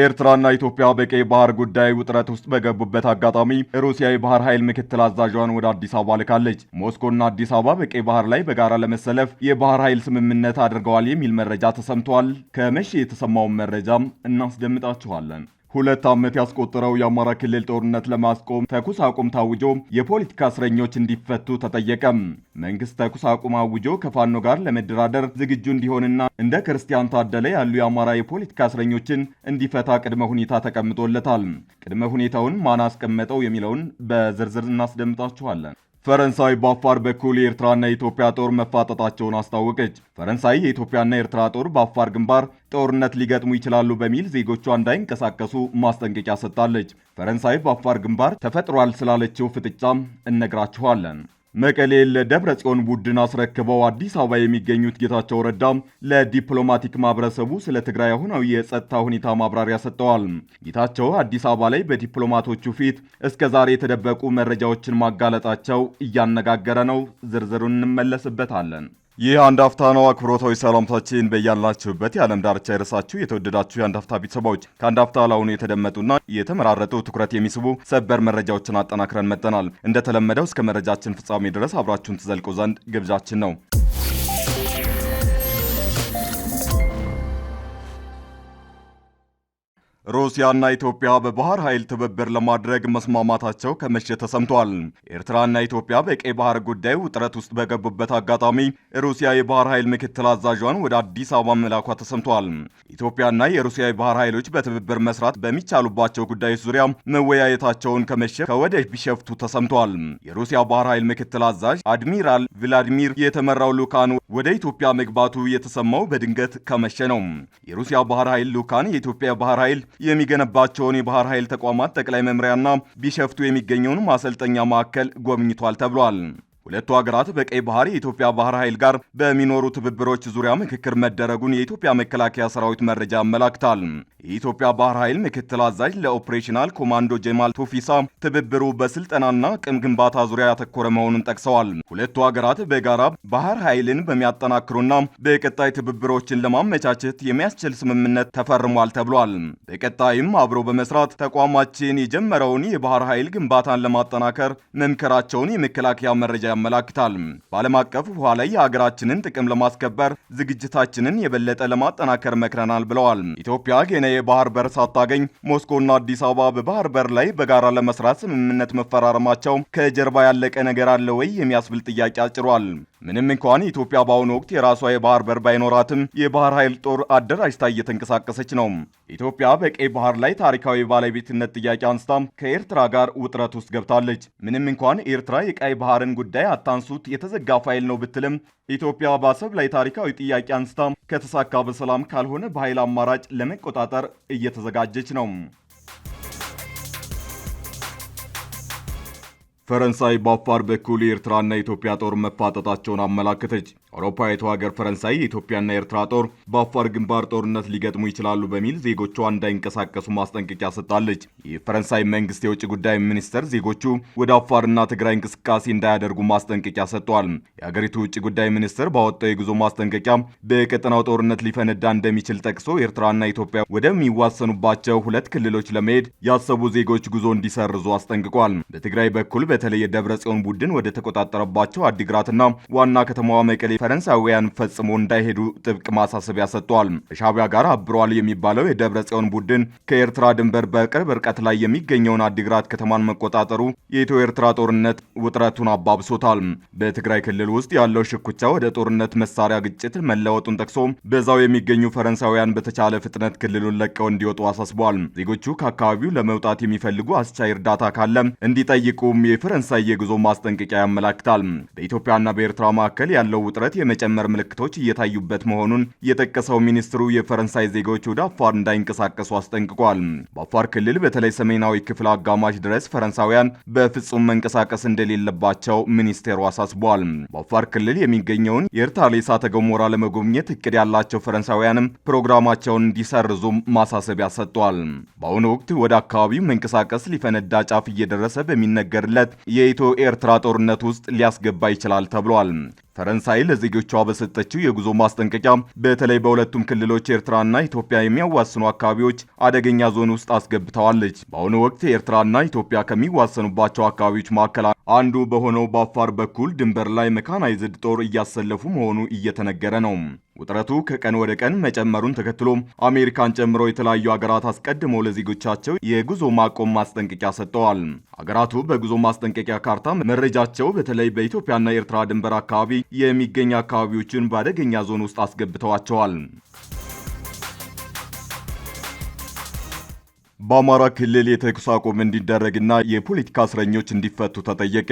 ኤርትራና ኢትዮጵያ በቀይ ባህር ጉዳይ ውጥረት ውስጥ በገቡበት አጋጣሚ ሩሲያ የባህር ኃይል ምክትል አዛዧን ወደ አዲስ አበባ ልካለች። ሞስኮና አዲስ አበባ በቀይ ባህር ላይ በጋራ ለመሰለፍ የባህር ኃይል ስምምነት አድርገዋል የሚል መረጃ ተሰምቷል። ከመቼ የተሰማውን መረጃም እናስደምጣችኋለን። ሁለት ዓመት ያስቆጠረው የአማራ ክልል ጦርነት ለማስቆም ተኩስ አቁም ታውጆ የፖለቲካ እስረኞች እንዲፈቱ ተጠየቀም። መንግስት ተኩስ አቁም አውጆ ከፋኖ ጋር ለመደራደር ዝግጁ እንዲሆንና እንደ ክርስቲያን ታደለ ያሉ የአማራ የፖለቲካ እስረኞችን እንዲፈታ ቅድመ ሁኔታ ተቀምጦለታል። ቅድመ ሁኔታውን ማን አስቀመጠው የሚለውን በዝርዝር እናስደምጣችኋለን። ፈረንሳይ በአፋር በኩል የኤርትራና የኢትዮጵያ ጦር መፋጠጣቸውን አስታወቀች። ፈረንሳይ የኢትዮጵያና የኤርትራ ጦር በአፋር ግንባር ጦርነት ሊገጥሙ ይችላሉ በሚል ዜጎቿ እንዳይንቀሳቀሱ ማስጠንቀቂያ ሰጥታለች። ፈረንሳይ በአፋር ግንባር ተፈጥሯል ስላለችው ፍጥጫም እነግራችኋለን። መቀሌን ለደብረ ጽዮን ቡድን አስረክበው አዲስ አበባ የሚገኙት ጌታቸው ረዳ ለዲፕሎማቲክ ማህበረሰቡ ስለ ትግራይ አሁናዊ የጸጥታ ሁኔታ ማብራሪያ ሰጥተዋል። ጌታቸው አዲስ አበባ ላይ በዲፕሎማቶቹ ፊት እስከ ዛሬ የተደበቁ መረጃዎችን ማጋለጣቸው እያነጋገረ ነው። ዝርዝሩን እንመለስበታለን። ይህ አንድ አፍታ ነው። አክብሮታዊ ሰላምታችን በያላችሁበት የዓለም ዳርቻ የረሳችሁ የተወደዳችሁ የአንድ አፍታ ቤተሰባዎች ከአንድ አፍታ ለአሁኑ የተደመጡና የተመራረጡ ትኩረት የሚስቡ ሰበር መረጃዎችን አጠናክረን መጠናል። እንደተለመደው እስከ መረጃችን ፍጻሜ ድረስ አብራችሁን ትዘልቁ ዘንድ ግብዣችን ነው። ሩሲያና ኢትዮጵያ በባህር ኃይል ትብብር ለማድረግ መስማማታቸው ከመሸ ተሰምቷል። ኤርትራና ኢትዮጵያ በቀይ ባህር ጉዳይ ውጥረት ውስጥ በገቡበት አጋጣሚ ሩሲያ የባህር ኃይል ምክትል አዛዧን ወደ አዲስ አበባ መላኳ ተሰምቷል። ኢትዮጵያና የሩሲያ የባህር ኃይሎች በትብብር መስራት በሚቻሉባቸው ጉዳዮች ዙሪያ መወያየታቸውን ከመሸ ከወደ ቢሸፍቱ ተሰምቷል። የሩሲያ ባህር ኃይል ምክትል አዛዥ አድሚራል ቭላዲሚር የተመራው ልዑካን ወደ ኢትዮጵያ መግባቱ የተሰማው በድንገት ከመሸ ነው። የሩሲያ ባህር ኃይል ልዑካን የኢትዮጵያ ባህር ኃይል የሚገነባቸውን የባህር ኃይል ተቋማት ጠቅላይ መምሪያና ቢሸፍቱ የሚገኘውን ማሰልጠኛ ማዕከል ጎብኝቷል ተብሏል። ሁለቱ ሀገራት በቀይ ባህር የኢትዮጵያ ባህር ኃይል ጋር በሚኖሩ ትብብሮች ዙሪያ ምክክር መደረጉን የኢትዮጵያ መከላከያ ሰራዊት መረጃ አመላክታል። የኢትዮጵያ ባህር ኃይል ምክትል አዛዥ ለኦፕሬሽናል ኮማንዶ ጀማል ቱፊሳ ትብብሩ በስልጠናና ቅም ግንባታ ዙሪያ ያተኮረ መሆኑን ጠቅሰዋል። ሁለቱ ሀገራት በጋራ ባህር ኃይልን በሚያጠናክሩና በቀጣይ ትብብሮችን ለማመቻቸት የሚያስችል ስምምነት ተፈርሟል ተብሏል። በቀጣይም አብሮ በመስራት ተቋማችን የጀመረውን የባህር ኃይል ግንባታን ለማጠናከር መምከራቸውን የመከላከያ መረጃ ያመላክታል። በዓለም አቀፍ ውሃ ላይ የሀገራችንን ጥቅም ለማስከበር ዝግጅታችንን የበለጠ ለማጠናከር መክረናል ብለዋል። ኢትዮጵያ ገና የባህር በር ሳታገኝ ሞስኮና አዲስ አበባ በባህር በር ላይ በጋራ ለመስራት ስምምነት መፈራረማቸው ከጀርባ ያለቀ ነገር አለ ወይ የሚያስብል ጥያቄ አጭሯል። ምንም እንኳን ኢትዮጵያ በአሁኑ ወቅት የራሷ የባህር በር ባይኖራትም የባህር ኃይል ጦር አደራጅታ እየተንቀሳቀሰች ነው። ኢትዮጵያ በቀይ ባህር ላይ ታሪካዊ ባለቤትነት ጥያቄ አንስታ ከኤርትራ ጋር ውጥረት ውስጥ ገብታለች። ምንም እንኳን ኤርትራ የቀይ ባህርን ጉዳይ ጉዳይ አታንሱት የተዘጋ ፋይል ነው ብትልም ኢትዮጵያ በአሰብ ላይ ታሪካዊ ጥያቄ አንስታ ከተሳካ በሰላም ካልሆነ በኃይል አማራጭ ለመቆጣጠር እየተዘጋጀች ነው። ፈረንሳይ በአፋር በኩል የኤርትራና የኢትዮጵያ ጦር መፋጠጣቸውን አመላከተች። አውሮፓዊቱ ሀገር ፈረንሳይ የኢትዮጵያና የኤርትራ ጦር በአፋር ግንባር ጦርነት ሊገጥሙ ይችላሉ በሚል ዜጎቿ እንዳይንቀሳቀሱ ማስጠንቀቂያ ሰጥታለች። የፈረንሳይ መንግስት የውጭ ጉዳይ ሚኒስተር ዜጎቹ ወደ አፋርና ትግራይ እንቅስቃሴ እንዳያደርጉ ማስጠንቀቂያ ሰጥተዋል። የሀገሪቱ ውጭ ጉዳይ ሚኒስትር ባወጣው የጉዞ ማስጠንቀቂያ በቀጠናው ጦርነት ሊፈነዳ እንደሚችል ጠቅሶ ኤርትራና ኢትዮጵያ ወደሚዋሰኑባቸው ሁለት ክልሎች ለመሄድ ያሰቡ ዜጎች ጉዞ እንዲሰርዙ አስጠንቅቋል። በትግራይ በኩል በተለይ የደብረ ጽዮን ቡድን ወደ ተቆጣጠረባቸው አዲግራትና ዋና ከተማዋ መቀሌ ፈረንሳውያን ፈጽሞ እንዳይሄዱ ጥብቅ ማሳሰቢያ ሰጥቷል። ከሻቢያ ጋር አብሯል የሚባለው የደብረ ጽዮን ቡድን ከኤርትራ ድንበር በቅርብ ርቀት ላይ የሚገኘውን አዲግራት ከተማን መቆጣጠሩ የኢትዮ ኤርትራ ጦርነት ውጥረቱን አባብሶታል። በትግራይ ክልል ውስጥ ያለው ሽኩቻ ወደ ጦርነት መሳሪያ ግጭት መለወጡን ጠቅሶ በዛው የሚገኙ ፈረንሳውያን በተቻለ ፍጥነት ክልሉን ለቀው እንዲወጡ አሳስቧል። ዜጎቹ ከአካባቢው ለመውጣት የሚፈልጉ አስቻይ እርዳታ ካለ እንዲጠይቁም የፈረንሳይ የጉዞ ማስጠንቀቂያ ያመላክታል። በኢትዮጵያና በኤርትራ መካከል ያለው ውጥረት ንብረት የመጨመር ምልክቶች እየታዩበት መሆኑን የጠቀሰው ሚኒስትሩ የፈረንሳይ ዜጎች ወደ አፋር እንዳይንቀሳቀሱ አስጠንቅቋል። በአፋር ክልል በተለይ ሰሜናዊ ክፍል አጋማሽ ድረስ ፈረንሳውያን በፍጹም መንቀሳቀስ እንደሌለባቸው ሚኒስቴሩ አሳስቧል። በአፋር ክልል የሚገኘውን የኤርታሌ እሳተ ገሞራ ለመጎብኘት እቅድ ያላቸው ፈረንሳውያንም ፕሮግራማቸውን እንዲሰርዙ ማሳሰቢያ ሰጥቷል። በአሁኑ ወቅት ወደ አካባቢው መንቀሳቀስ ሊፈነዳ ጫፍ እየደረሰ በሚነገርለት የኢትዮ ኤርትራ ጦርነት ውስጥ ሊያስገባ ይችላል ተብሏል። ፈረንሳይ ለዜጎቿ በሰጠችው የጉዞ ማስጠንቀቂያ በተለይ በሁለቱም ክልሎች ኤርትራና ኢትዮጵያ የሚያዋስኑ አካባቢዎች አደገኛ ዞን ውስጥ አስገብተዋለች። በአሁኑ ወቅት ኤርትራና ኢትዮጵያ ከሚዋሰኑባቸው አካባቢዎች መካከል አንዱ በሆነው በአፋር በኩል ድንበር ላይ መካናይዝድ ጦር እያሰለፉ መሆኑ እየተነገረ ነው። ውጥረቱ ከቀን ወደ ቀን መጨመሩን ተከትሎ አሜሪካን ጨምሮ የተለያዩ ሀገራት አስቀድመው ለዜጎቻቸው የጉዞ ማቆም ማስጠንቀቂያ ሰጥተዋል። ሀገራቱ በጉዞ ማስጠንቀቂያ ካርታ መረጃቸው በተለይ በኢትዮጵያና ኤርትራ ድንበር አካባቢ የሚገኝ አካባቢዎችን በአደገኛ ዞን ውስጥ አስገብተዋቸዋል። በአማራ ክልል የተኩስ አቁም እንዲደረግና የፖለቲካ እስረኞች እንዲፈቱ ተጠየቀ።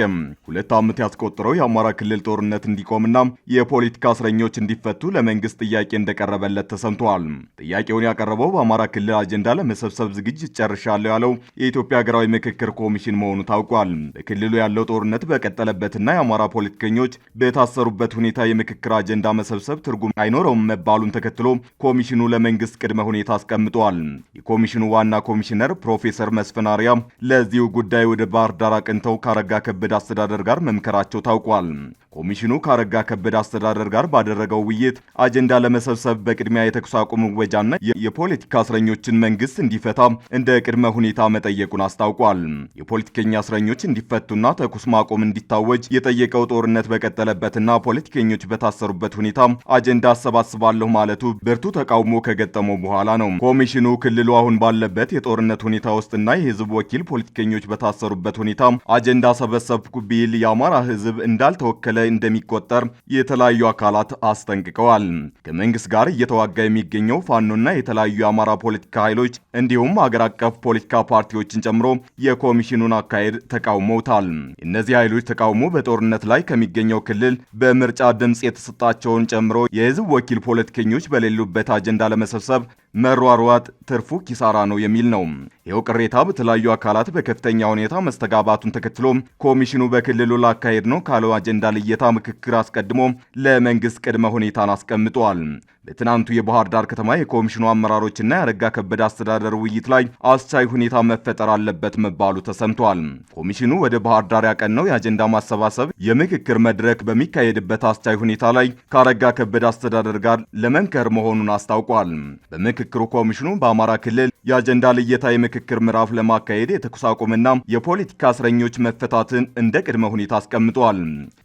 ሁለት ዓመት ያስቆጠረው የአማራ ክልል ጦርነት እንዲቆምና የፖለቲካ እስረኞች እንዲፈቱ ለመንግስት ጥያቄ እንደቀረበለት ተሰምቷል። ጥያቄውን ያቀረበው በአማራ ክልል አጀንዳ ለመሰብሰብ ዝግጅት ጨርሻለሁ ያለው የኢትዮጵያ ሀገራዊ ምክክር ኮሚሽን መሆኑ ታውቋል። በክልሉ ያለው ጦርነት በቀጠለበትና የአማራ ፖለቲከኞች በታሰሩበት ሁኔታ የምክክር አጀንዳ መሰብሰብ ትርጉም አይኖረውም መባሉን ተከትሎ ኮሚሽኑ ለመንግስት ቅድመ ሁኔታ አስቀምጧል። የኮሚሽኑ ዋና ኮሚሽነር ፕሮፌሰር መስፍን አርያ ለዚሁ ጉዳይ ወደ ባህር ዳር አቅንተው ካረጋ ከበድ አስተዳደር ጋር መምከራቸው ታውቋል። ኮሚሽኑ ካረጋ ከበደ አስተዳደር ጋር ባደረገው ውይይት አጀንዳ ለመሰብሰብ በቅድሚያ የተኩስ አቁም ወጃና የፖለቲካ እስረኞችን መንግስት እንዲፈታ እንደ ቅድመ ሁኔታ መጠየቁን አስታውቋል። የፖለቲከኛ እስረኞች እንዲፈቱና ተኩስ ማቆም እንዲታወጅ የጠየቀው ጦርነት በቀጠለበትና ፖለቲከኞች በታሰሩበት ሁኔታ አጀንዳ አሰባስባለሁ ማለቱ ብርቱ ተቃውሞ ከገጠመው በኋላ ነው። ኮሚሽኑ ክልሉ አሁን ባለበት የጦርነት ሁኔታ ውስጥና የህዝብ ወኪል ፖለቲከኞች በታሰሩበት ሁኔታ አጀንዳ ሰበሰብኩ ቢል የአማራ ህዝብ እንዳልተወከለ እንደሚቆጠር የተለያዩ አካላት አስጠንቅቀዋል። ከመንግስት ጋር እየተዋጋ የሚገኘው ፋኖና የተለያዩ የአማራ ፖለቲካ ኃይሎች እንዲሁም አገር አቀፍ ፖለቲካ ፓርቲዎችን ጨምሮ የኮሚሽኑን አካሄድ ተቃውመውታል። እነዚህ ኃይሎች ተቃውሞ በጦርነት ላይ ከሚገኘው ክልል በምርጫ ድምፅ የተሰጣቸውን ጨምሮ የህዝብ ወኪል ፖለቲከኞች በሌሉበት አጀንዳ ለመሰብሰብ መሯሯጥ ትርፉ ኪሳራ ነው የሚል ነው። ነው። ይኸው ቅሬታ በተለያዩ አካላት በከፍተኛ ሁኔታ መስተጋባቱን ተከትሎ ኮሚሽኑ በክልሉ ላካሄድ ነው ካለው አጀንዳ ልየታ ምክክር አስቀድሞ ለመንግስት ቅድመ ሁኔታን አስቀምጧል። በትናንቱ የባህር ዳር ከተማ የኮሚሽኑ አመራሮችና የአረጋ ከበደ አስተዳደር ውይይት ላይ አስቻይ ሁኔታ መፈጠር አለበት መባሉ ተሰምቷል። ኮሚሽኑ ወደ ባህር ዳር ያቀናው የአጀንዳ ማሰባሰብ የምክክር መድረክ በሚካሄድበት አስቻይ ሁኔታ ላይ ከአረጋ ከበደ አስተዳደር ጋር ለመምከር መሆኑን አስታውቋል። በምክክሩ ኮሚሽኑ በአማራ ክልል የአጀንዳ ልየታ የምክክር ምዕራፍ ለማካሄድ የተኩስ አቁምና የፖለቲካ እስረኞች መፈታትን እንደ ቅድመ ሁኔታ አስቀምጧል።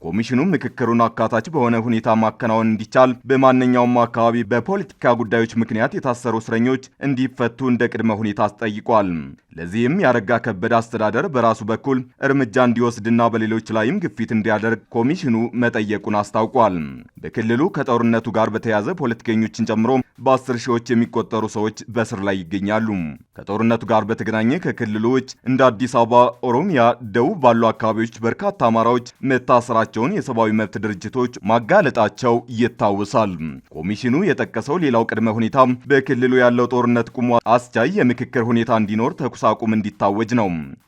ኮሚሽኑ ምክክሩን አካታች በሆነ ሁኔታ ማከናወን እንዲቻል በማንኛውም አካባቢ በፖለቲካ ጉዳዮች ምክንያት የታሰሩ እስረኞች እንዲፈቱ እንደ ቅድመ ሁኔታ አስጠይቋል። ለዚህም ያረጋ ከበደ አስተዳደር በራሱ በኩል እርምጃ እንዲወስድና በሌሎች ላይም ግፊት እንዲያደርግ ኮሚሽኑ መጠየቁን አስታውቋል። በክልሉ ከጦርነቱ ጋር በተያያዘ ፖለቲከኞችን ጨምሮ በአስር ሺዎች የሚቆጠሩ ሰዎች በስር ላይ ይገኛሉ። ከጦርነቱ ጋር በተገናኘ ከክልሉ ውጭ እንደ አዲስ አበባ፣ ኦሮሚያ፣ ደቡብ ባሉ አካባቢዎች በርካታ አማራዎች መታሰራቸውን የሰብአዊ መብት ድርጅቶች ማጋለጣቸው ይታወሳል። ኮሚሽኑ የጠቀሰው ሌላው ቅድመ ሁኔታ በክልሉ ያለው ጦርነት ቁሞ አስቻይ የምክክር ሁኔታ እንዲኖር ተኩስ የተኩስ አቁም እንዲታወጅ ነው።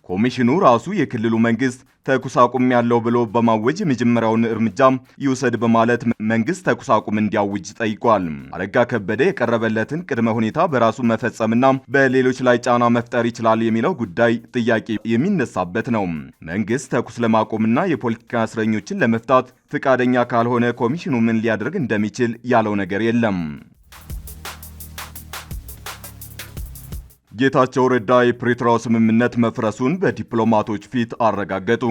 ኮሚሽኑ ራሱ የክልሉ መንግስት ተኩስ አቁም ያለው ብሎ በማወጅ የመጀመሪያውን እርምጃ ይውሰድ በማለት መንግስት ተኩስ አቁም እንዲያውጅ ጠይቋል። አረጋ ከበደ የቀረበለትን ቅድመ ሁኔታ በራሱ መፈጸምና በሌሎች ላይ ጫና መፍጠር ይችላል የሚለው ጉዳይ ጥያቄ የሚነሳበት ነው። መንግስት ተኩስ ለማቆምና የፖለቲካ እስረኞችን ለመፍታት ፈቃደኛ ካልሆነ ኮሚሽኑ ምን ሊያደርግ እንደሚችል ያለው ነገር የለም። ጌታቸው ረዳ የፕሪቶሪያው ስምምነት መፍረሱን በዲፕሎማቶች ፊት አረጋገጡ።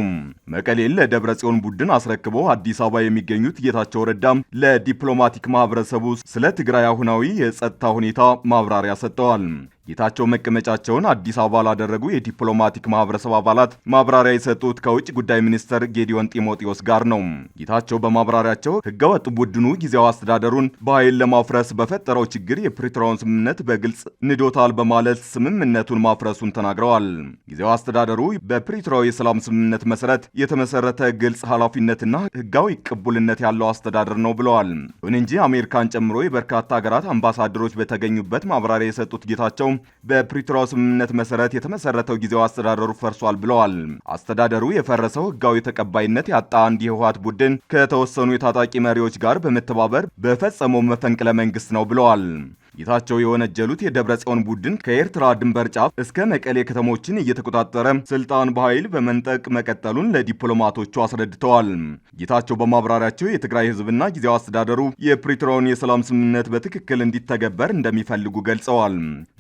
መቀሌን ለደብረ ጽዮን ቡድን አስረክበው አዲስ አበባ የሚገኙት ጌታቸው ረዳም ለዲፕሎማቲክ ማህበረሰቡ ስለ ትግራይ አሁናዊ የጸጥታ ሁኔታ ማብራሪያ ሰጥተዋል። ጌታቸው መቀመጫቸውን አዲስ አበባ ላደረጉ የዲፕሎማቲክ ማህበረሰብ አባላት ማብራሪያ የሰጡት ከውጭ ጉዳይ ሚኒስትር ጌዲዮን ጢሞቴዎስ ጋር ነው። ጌታቸው በማብራሪያቸው ህገወጥ ቡድኑ ጊዜያዊ አስተዳደሩን በኃይል ለማፍረስ በፈጠረው ችግር የፕሪቶሪያውን ስምምነት በግልጽ ንዶታል በማለት ስምምነቱን ማፍረሱን ተናግረዋል። ጊዜያዊ አስተዳደሩ በፕሪቶሪያው የሰላም ስምምነት መሰረት የተመሰረተ ግልጽ ኃላፊነትና ህጋዊ ቅቡልነት ያለው አስተዳደር ነው ብለዋል። ይሁን እንጂ አሜሪካን ጨምሮ የበርካታ ሀገራት አምባሳደሮች በተገኙበት ማብራሪያ የሰጡት ጌታቸው በፕሪቶሪያው ስምምነት መሰረት የተመሰረተው ጊዜው አስተዳደሩ ፈርሷል ብለዋል። አስተዳደሩ የፈረሰው ህጋዊ ተቀባይነት ያጣ አንድ የህወሓት ቡድን ከተወሰኑ የታጣቂ መሪዎች ጋር በመተባበር በፈጸመው መፈንቅለ መንግስት ነው ብለዋል። ጌታቸው የወነጀሉት የደብረ ጽዮን ቡድን ከኤርትራ ድንበር ጫፍ እስከ መቀሌ ከተሞችን እየተቆጣጠረ ስልጣን በኃይል በመንጠቅ መቀጠሉን ለዲፕሎማቶቹ አስረድተዋል። ጌታቸው በማብራሪያቸው የትግራይ ህዝብና ጊዜያዊ አስተዳደሩ የፕሪቶሪያውን የሰላም ስምምነት በትክክል እንዲተገበር እንደሚፈልጉ ገልጸዋል።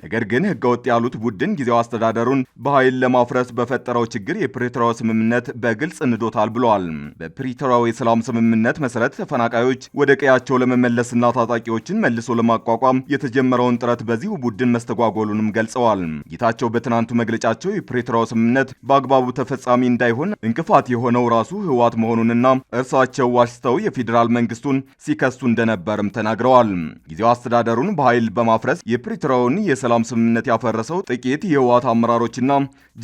ነገር ግን ህገወጥ ያሉት ቡድን ጊዜያዊ አስተዳደሩን በኃይል ለማፍረስ በፈጠረው ችግር የፕሪቶሪያው ስምምነት በግልጽ እንዶታል ብለዋል። በፕሪቶሪያው የሰላም ስምምነት መሰረት ተፈናቃዮች ወደ ቀያቸው ለመመለስና ታጣቂዎችን መልሶ ለማቋቋም የተ የተጀመረውን ጥረት በዚሁ ቡድን መስተጓጎሉንም ገልጸዋል። ጌታቸው በትናንቱ መግለጫቸው የፕሪቶሪያው ስምምነት በአግባቡ ተፈጻሚ እንዳይሆን እንቅፋት የሆነው ራሱ ህወሓት መሆኑንና እርሳቸው ዋሽተው የፌዴራል መንግስቱን ሲከሱ እንደነበርም ተናግረዋል። ጊዜው አስተዳደሩን በኃይል በማፍረስ የፕሪቶሪያውን የሰላም ስምምነት ያፈረሰው ጥቂት የህወሓት አመራሮችና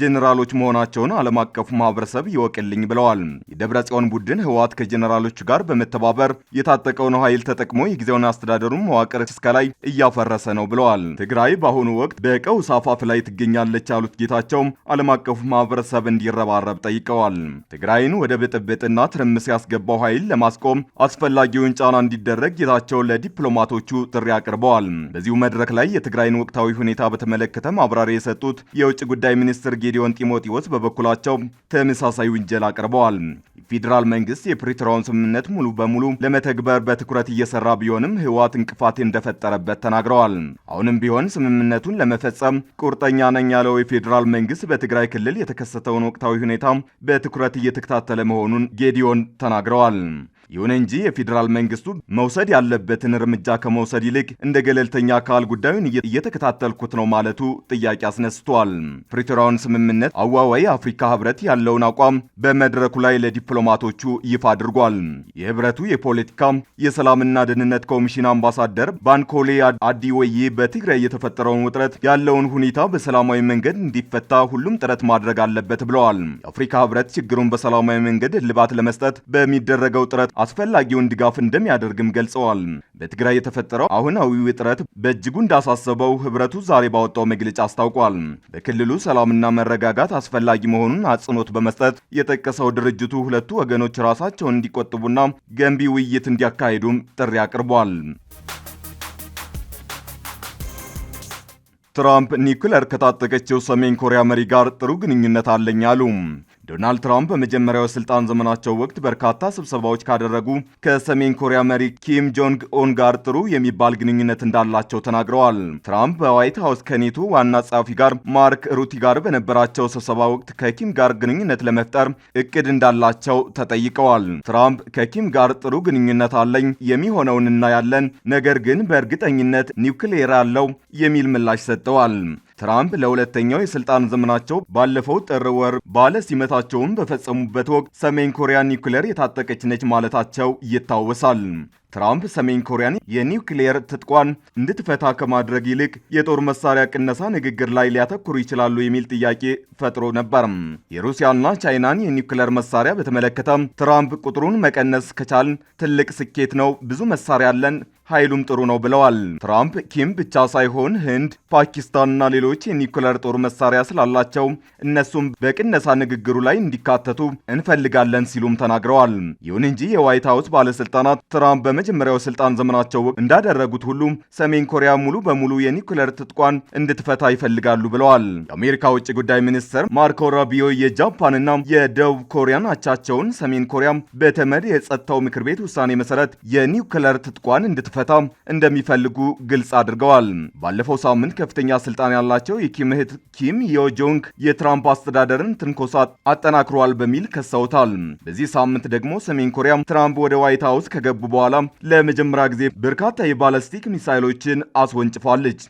ጄኔራሎች መሆናቸውን ዓለም አቀፉ ማህበረሰብ ይወቅልኝ ብለዋል። የደብረ ጽዮን ቡድን ህወሓት ከጄኔራሎቹ ጋር በመተባበር የታጠቀውን ኃይል ተጠቅሞ የጊዜውን አስተዳደሩን መዋቅር እስከላይ እያ እያፈረሰ ነው ብለዋል። ትግራይ በአሁኑ ወቅት በቀውስ አፋፍ ላይ ትገኛለች ያሉት ጌታቸው ዓለም አቀፉ ማህበረሰብ እንዲረባረብ ጠይቀዋል። ትግራይን ወደ ብጥብጥና ትርምስ ያስገባው ኃይል ለማስቆም አስፈላጊውን ጫና እንዲደረግ ጌታቸው ለዲፕሎማቶቹ ጥሪ አቅርበዋል። በዚሁ መድረክ ላይ የትግራይን ወቅታዊ ሁኔታ በተመለከተ ማብራሪያ የሰጡት የውጭ ጉዳይ ሚኒስትር ጌዲዮን ጢሞቴዎስ በበኩላቸው ተመሳሳይ ውንጀላ አቅርበዋል። ፌዴራል መንግስት የፕሪቶሪያውን ስምምነት ሙሉ በሙሉ ለመተግበር በትኩረት እየሰራ ቢሆንም ህወሓት እንቅፋት እንደፈጠረበት ተናግረዋል። ተናግረዋል። አሁንም ቢሆን ስምምነቱን ለመፈጸም ቁርጠኛ ነኝ ያለው የፌዴራል መንግስት በትግራይ ክልል የተከሰተውን ወቅታዊ ሁኔታ በትኩረት እየተከታተለ መሆኑን ጌዲዮን ተናግረዋል። ይሁን እንጂ የፌዴራል መንግስቱ መውሰድ ያለበትን እርምጃ ከመውሰድ ይልቅ እንደ ገለልተኛ አካል ጉዳዩን እየተከታተልኩት ነው ማለቱ ጥያቄ አስነስቷል። ፕሪቶሪያውን ስምምነት አዋዋይ አፍሪካ ህብረት ያለውን አቋም በመድረኩ ላይ ለዲፕሎማቶቹ ይፋ አድርጓል። የህብረቱ የፖለቲካ የሰላምና ደህንነት ኮሚሽን አምባሳደር ባንኮሌ አዲወይ በትግራይ የተፈጠረውን ውጥረት ያለውን ሁኔታ በሰላማዊ መንገድ እንዲፈታ ሁሉም ጥረት ማድረግ አለበት ብለዋል። የአፍሪካ ህብረት ችግሩን በሰላማዊ መንገድ እልባት ለመስጠት በሚደረገው ጥረት አስፈላጊውን ድጋፍ እንደሚያደርግም ገልጸዋል። በትግራይ የተፈጠረው አሁናዊ ውጥረት በእጅጉ እንዳሳሰበው ህብረቱ ዛሬ ባወጣው መግለጫ አስታውቋል። በክልሉ ሰላምና መረጋጋት አስፈላጊ መሆኑን አጽንኦት በመስጠት የጠቀሰው ድርጅቱ ሁለቱ ወገኖች ራሳቸውን እንዲቆጥቡና ገንቢ ውይይት እንዲያካሂዱም ጥሪ አቅርቧል። ትራምፕ ኒውክለር ከታጠቀችው ሰሜን ኮሪያ መሪ ጋር ጥሩ ግንኙነት አለኝ አሉ። ዶናልድ ትራምፕ በመጀመሪያው የስልጣን ዘመናቸው ወቅት በርካታ ስብሰባዎች ካደረጉ ከሰሜን ኮሪያ መሪ ኪም ጆንግ ኦን ጋር ጥሩ የሚባል ግንኙነት እንዳላቸው ተናግረዋል። ትራምፕ በዋይት ሀውስ ከኔቶ ዋና ጸሐፊ ጋር ማርክ ሩቲ ጋር በነበራቸው ስብሰባ ወቅት ከኪም ጋር ግንኙነት ለመፍጠር እቅድ እንዳላቸው ተጠይቀዋል። ትራምፕ ከኪም ጋር ጥሩ ግንኙነት አለኝ፣ የሚሆነውን እናያለን፣ ነገር ግን በእርግጠኝነት ኒውክሌር አለው የሚል ምላሽ ሰጥተዋል። ትራምፕ ለሁለተኛው የስልጣን ዘመናቸው ባለፈው ጥር ወር ባለ ሲመታቸውን በፈጸሙበት ወቅት ሰሜን ኮሪያ ኒውክሌር የታጠቀች ነች ማለታቸው ይታወሳል። ትራምፕ ሰሜን ኮሪያን የኒውክሌር ትጥቋን እንድትፈታ ከማድረግ ይልቅ የጦር መሳሪያ ቅነሳ ንግግር ላይ ሊያተኩሩ ይችላሉ የሚል ጥያቄ ፈጥሮ ነበር። የሩሲያና ቻይናን የኒውክሌር መሳሪያ በተመለከተ ትራምፕ ቁጥሩን መቀነስ ከቻልን ትልቅ ስኬት ነው፣ ብዙ መሳሪያ አለን ኃይሉም ጥሩ ነው ብለዋል። ትራምፕ ኪም ብቻ ሳይሆን ህንድ፣ ፓኪስታንና ሌሎች የኒውክለር ጦር መሳሪያ ስላላቸው እነሱም በቅነሳ ንግግሩ ላይ እንዲካተቱ እንፈልጋለን ሲሉም ተናግረዋል። ይሁን እንጂ የዋይት ሀውስ ባለስልጣናት ትራምፕ በመጀመሪያው ስልጣን ዘመናቸው እንዳደረጉት ሁሉ ሰሜን ኮሪያ ሙሉ በሙሉ የኒውክለር ትጥቋን እንድትፈታ ይፈልጋሉ ብለዋል። የአሜሪካ ውጭ ጉዳይ ሚኒስትር ማርኮ ራቢዮ የጃፓንና የደቡብ ኮሪያን አቻቸውን ሰሜን ኮሪያ በተመድ የጸጥታው ምክር ቤት ውሳኔ መሰረት የኒውክለር ትጥቋን እንድትፈ እንዲፈታ እንደሚፈልጉ ግልጽ አድርገዋል። ባለፈው ሳምንት ከፍተኛ ስልጣን ያላቸው የኪም እህት ኪም ዮጆንግ የትራምፕ አስተዳደርን ትንኮሳ አጠናክሯል በሚል ከሰውታል። በዚህ ሳምንት ደግሞ ሰሜን ኮሪያ ትራምፕ ወደ ዋይት ሀውስ ከገቡ በኋላ ለመጀመሪያ ጊዜ በርካታ የባለስቲክ ሚሳይሎችን አስወንጭፋለች።